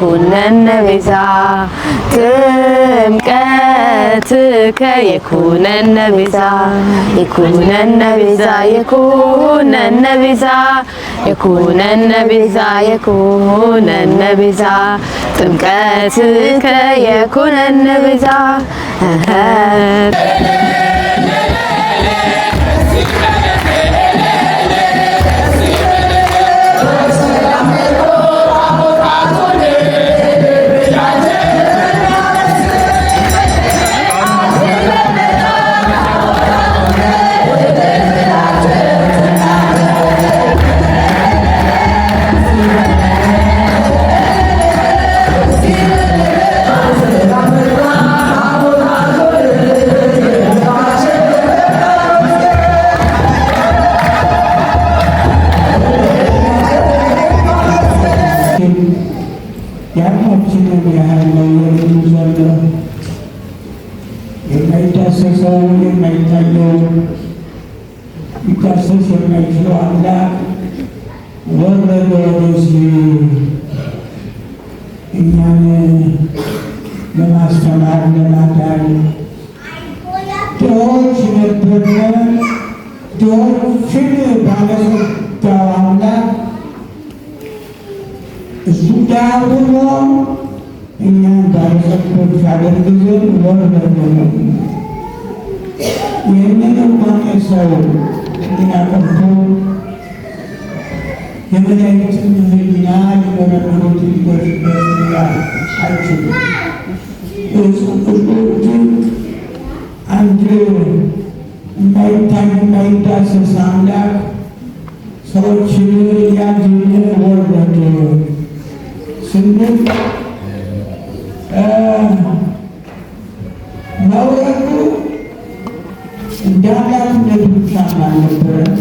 ኩነነ ቤዛ ጥምቀትከ የኩነነ ቤዛ የኩነነ ቤዛ የኩነነ ቤዛ ጥምቀትከ የኩነነ የመሬትን ህሊና ሊመረምሩት ሊጎድበት አይችሉ የጽሑፉ አንድ እንዳይታይ እንዳይዳሰስ አምላክ ሰዎችን ያድን ወለደ ስንል መውረዱ እንደ አምላክነት ብቻ አልነበረም።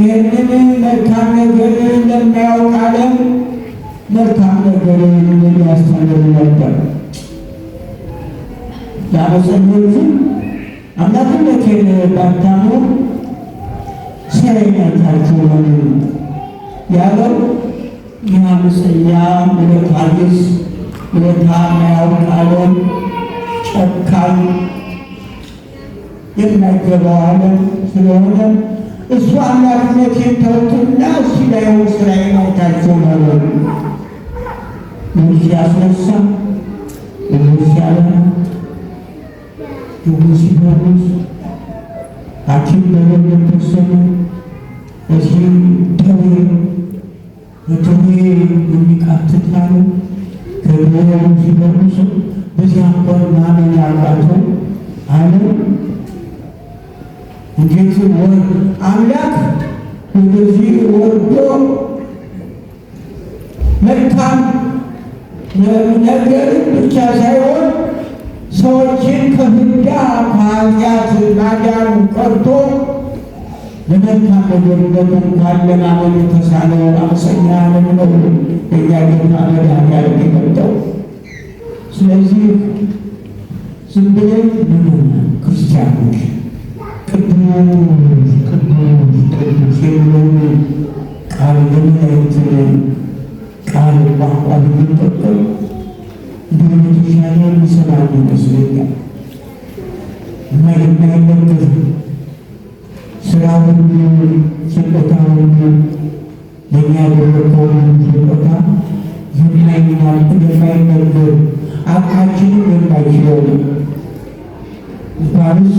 ይህንን መልካም ነገር ለማያውቅ ዓለም መልካም ነገር የሚያስተምር ነበር። ለአመፀኞቹ አምላክነቴን ባታሙ ሸረኛታችሁ ሆኑ ያለው የአመፀኛ ውለታ ቢስ ውለታ ማያውቅ ዓለም ጨካኝ የማይገባው ዓለም ስለሆነ እሱ አምላክነትን ተውትና እሱ ላይ ስራዬ ማውታቸው ነው። ንጉሥ ያስነሳ፣ ንጉሥ ያበራ፣ ንጉሥ ይፈርስ ሐኪም በሌለበት ዘመን እዚህ ደዌ በደዌ የሚቃትት አለ ከደዌ ሲፈርስ በዚያ እንኳን ማመን ያቃተው ዓለም እንዴት አምላክ እንደዚህ ወርዶ መልካም ነገር ብቻ ሳይሆን ሰዎችን ከፍዳ ከኃጢአት ማዳኑ ቀርቶ ለመልካም ነገር በመልካም ለማመን የተሳነው አመፀኛ ዓለም ነው ጌታ መድኃኒዓለም የመጣው። ስለዚህ ዝም ብለን ምን ክርስቲያኖች ቅዱስ ቅዱስ ቅዱስ የሚለውን ቃል የምናየት ቃል ቋንቋ ብንጠቀም እንደሆነ የተሻለ የሚሰማን ይመስለኛል። መግና የለበት ስራ ሁሉ ስጦታ ሁሉ ለእኛ ያደረገው ስጦታ የማይናል የማይነገር አቅማችንም የማይችለው ነው ባሉስ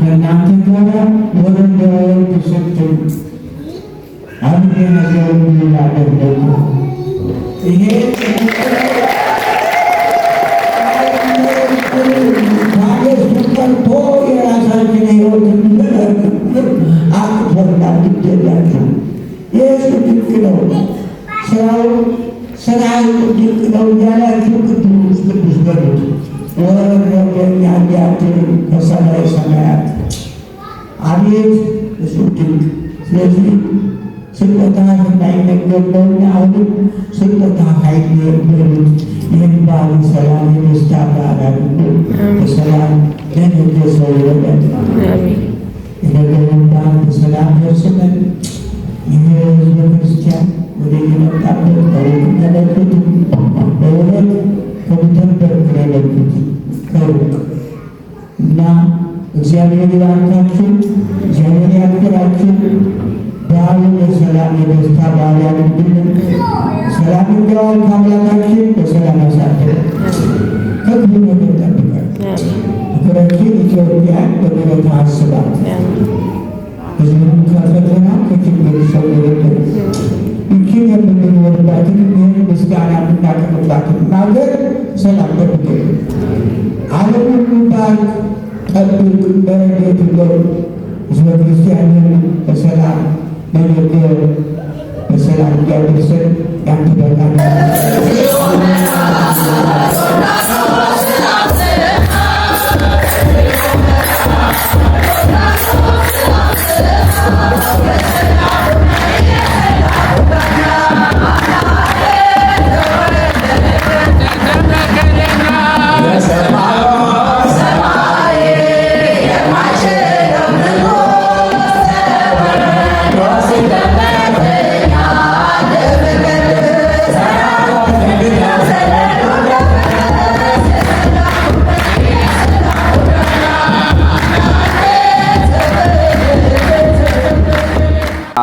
ከእናንተ ጋር ወደ ወንድ ስትል አንድ ነገር ሚላደርገ ይሄ ቀርቶ የራሳችን ህይወት አቅፎና ግደላችሁ። ኢየሱስ ድንቅ ነው፣ ስራው ስራ ድንቅ ነው እያላችሁ ቅዱስ ቅዱስ በሉት። ወረብ በእኛ እንዲያድር በሰማይ ሰማያት። አቤት እሱ ድንቅ። ስለዚህ ስጦታ እንዳይነገር በእኛ አሁንም ስጦታ ኃይል የበሉት የባሉ ሰላም የደስታ በዓል አድርጎ በሰላም ለነገ ሰው ይበለን። የነገውን በዓል በሰላም ደርስለን። ይህ ህዝበ ወደ የመጣበት በወቅት ተለጡት በእውነት ከሚተበሩት ለሌሉት ከሩቅ እና እግዚአብሔር ይባርካችሁ፣ እግዚአብሔር ያክብራችሁ። በዓሉን የሰላም የደስታ በዓል ያድርግልን። ሰላም እንዲዋል ከአምላካችን በሰላም ያሳድር፣ ከክፉ ነገር ጠብቀን። ሀገራችን ኢትዮጵያን በምሕረት አስባት፣ ሕዝቡን ከፈተና ከችግር ሰው ይጠብቅ። እንኪን የምንኖርባትን ይህን ምስጋና የምናቀርብባትን ሀገር ሰላም ጠብቅ፣ ዓለምን ባርክ፣ ጠብቅ፣ በረድኤት ለው ሕዝበ ክርስቲያንን በሰላም ለነገር በሰላም እያደርሰን ያንተ በቃ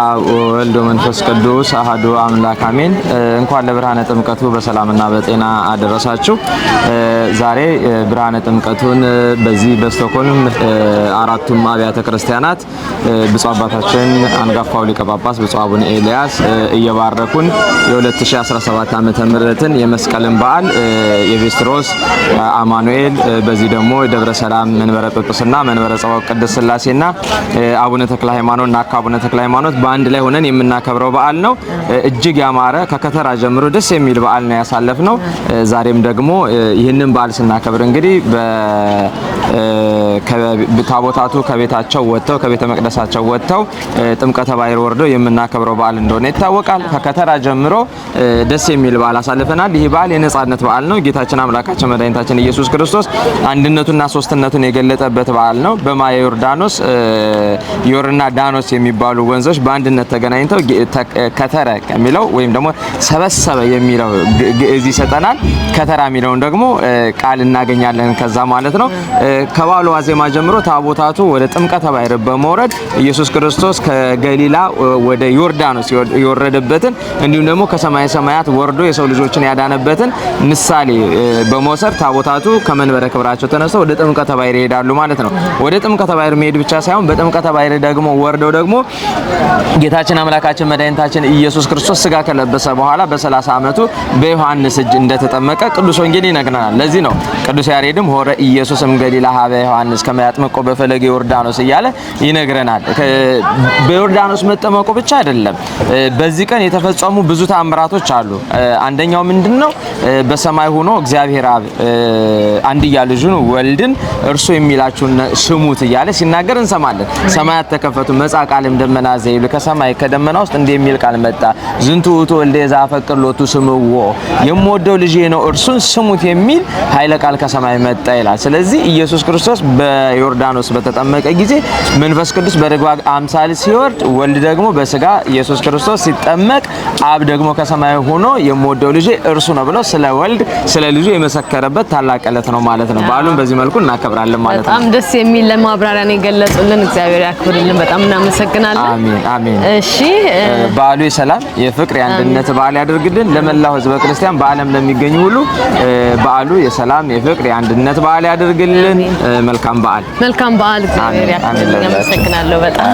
አብ ወልድ መንፈስ ቅዱስ አህዱ አምላክ አሜን። እንኳን ለብርሃነ ጥምቀቱ በሰላምና በጤና አደረሳችሁ። ዛሬ ብርሃነ ጥምቀቱን በዚህ በስቶኮልም አራቱም አብያተ ክርስቲያናት ብፁዕ አባታችን አንጋፋው ሊቀ ጳጳስ ብፁዕ አቡነ ኤልያስ እየባረኩን የ2017 ዓመተ ምሕረትን የመስቀልን በዓል የቤስትሮስ አማኑኤል በዚህ ደግሞ የደብረ ሰላም መንበረ ጵጵስና መንበረ ጸባኦት ቅድስት ስላሴና አቡነ ተክለ ሃይማኖት ናካ አቡነ ተክለ ሃይማኖት አንድ ላይ ሆነን የምናከብረው በዓል ነው። እጅግ ያማረ ከከተራ ጀምሮ ደስ የሚል በዓል ነው ያሳለፍ ነው። ዛሬም ደግሞ ይህንን በዓል ስናከብር እንግዲህ ታቦታቱ ከቤታቸው ወጥተው ከቤተ መቅደሳቸው ወጥተው ጥምቀተ ባሕር ወርደው የምናከብረው በዓል እንደሆነ ይታወቃል። ከከተራ ጀምሮ ደስ የሚል በዓል አሳልፈናል። ይህ በዓል የነጻነት በዓል ነው። ጌታችን አምላካችን መድኃኒታችን ኢየሱስ ክርስቶስ አንድነቱና ሶስትነቱን የገለጠበት በዓል ነው። በማየ ዮርዳኖስ ዮርና ዳኖስ የሚባሉ ወንዞች በአንድ በአንድነት ተገናኝተው ከተረ የሚለው ወይም ደግሞ ሰበሰበ የሚለው ግዕዝ ይሰጠናል። ከተራ የሚለውን ደግሞ ቃል እናገኛለን ከዛ ማለት ነው። ከበዓሉ ዋዜማ ጀምሮ ታቦታቱ ወደ ጥምቀተ ባሕር በመውረድ ኢየሱስ ክርስቶስ ከገሊላ ወደ ዮርዳኖስ የወረደበትን እንዲሁም ደግሞ ከሰማይ ሰማያት ወርዶ የሰው ልጆችን ያዳነበትን ምሳሌ በመውሰድ ታቦታቱ ከመንበረ ክብራቸው ተነስተው ወደ ጥምቀተ ባሕር ይሄዳሉ ማለት ነው። ወደ ጥምቀተ ባሕር መሄድ ብቻ ሳይሆን በጥምቀተ ባሕር ደግሞ ወርደው ደግሞ ጌታችን አምላካችን መድኃኒታችን ኢየሱስ ክርስቶስ ስጋ ከለበሰ በኋላ በ30 ዓመቱ በዮሐንስ እጅ እንደተጠመቀ ቅዱስ ወንጌል ይነግረናል። ለዚህ ነው ቅዱስ ያሬድም ሆረ ኢየሱስም ገሊላ ሀበ ዮሐንስ ከመያጥመቆ በፈለገ ዮርዳኖስ እያለ ይነግረናል። በዮርዳኖስ መጠመቁ ብቻ አይደለም፣ በዚህ ቀን የተፈጸሙ ብዙ ተአምራቶች አሉ። አንደኛው ምንድን ነው? በሰማይ ሆኖ እግዚአብሔር አብ አንድያ ልጁን ወልድን እርሱ የሚላችሁን ስሙት እያለ ሲናገር እንሰማለን። ሰማያት ተከፈቱ፣ መጻ ቃልም ደመና ዘይብልከ ከሰማይ ከደመና ውስጥ እንዲህ የሚል ቃል መጣ። ዝንቱ ውእቱ ወልደ ዘአፈቅር ሎቱ ስምዎ፣ የምወደው ልጄ ነው እርሱን ስሙት የሚል ኃይለ ቃል ከሰማይ መጣ ይላል። ስለዚህ ኢየሱስ ክርስቶስ በዮርዳኖስ በተጠመቀ ጊዜ መንፈስ ቅዱስ በርግብ አምሳል ሲወርድ፣ ወልድ ደግሞ በስጋ ኢየሱስ ክርስቶስ ሲጠመቅ፣ አብ ደግሞ ከሰማይ ሆኖ የምወደው ልጄ እርሱ ነው ብሎ ስለ ወልድ ስለ ልጁ የመሰከረበት ታላቅ ዕለት ነው ማለት ነው። በዓሉን በዚህ መልኩ እናከብራለን ማለት ነው። በጣም ደስ የሚል ለማብራሪያ ነው የገለጹልን። እግዚአብሔር ያክብርልን። በጣም እናመሰግናለን። አሜን። አሜን። እሺ በዓሉ የሰላም የፍቅር የአንድነት በዓል ያደርግልን። ለመላው ህዝበ ክርስቲያን በዓለም ለሚገኙ ሁሉ በዓሉ የሰላም የፍቅር የአንድነት በዓል ያደርግልን። መልካም በዓል መልካም በዓል። እግዚአብሔር ያክብርልን። አመሰግናለሁ በጣም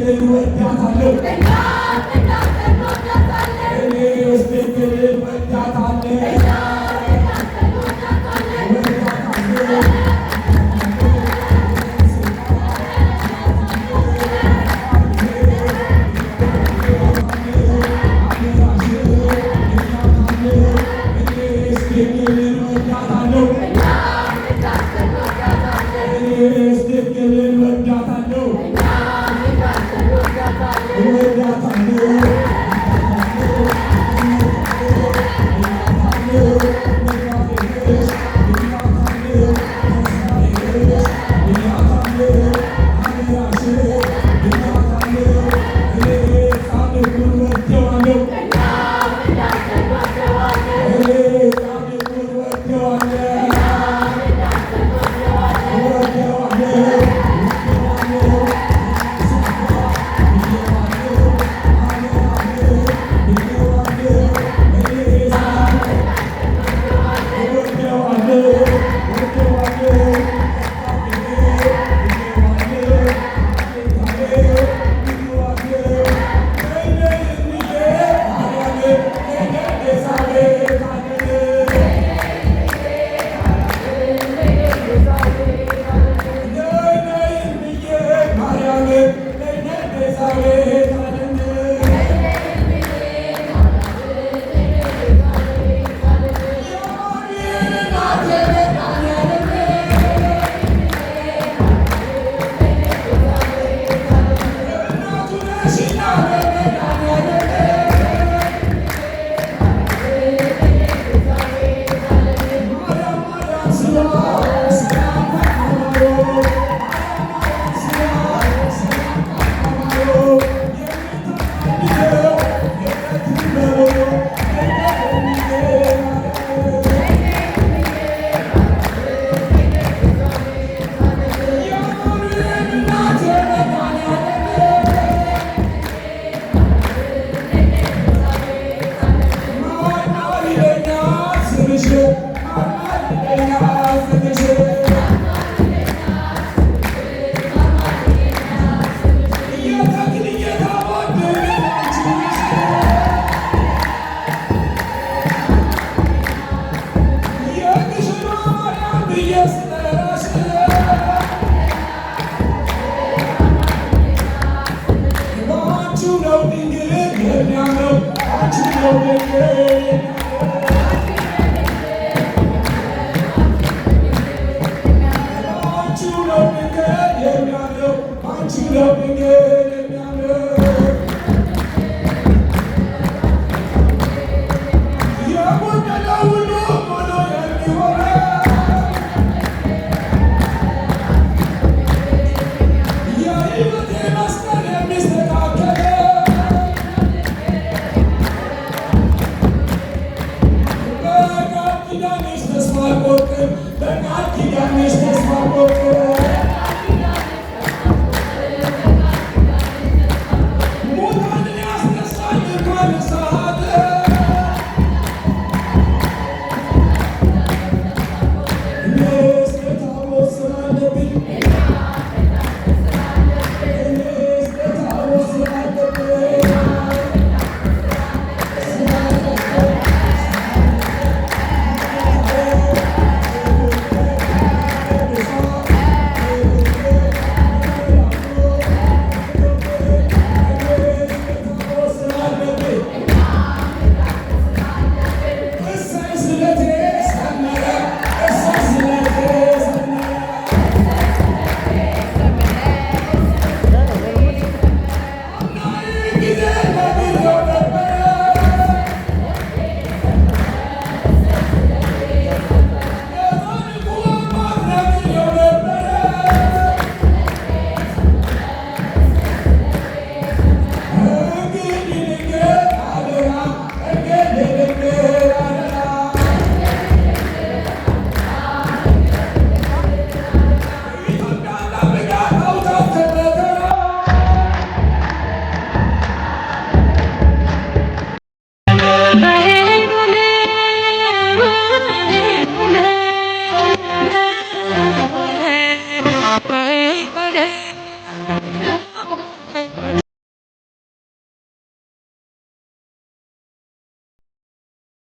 የሌሉ እርዳታ ነው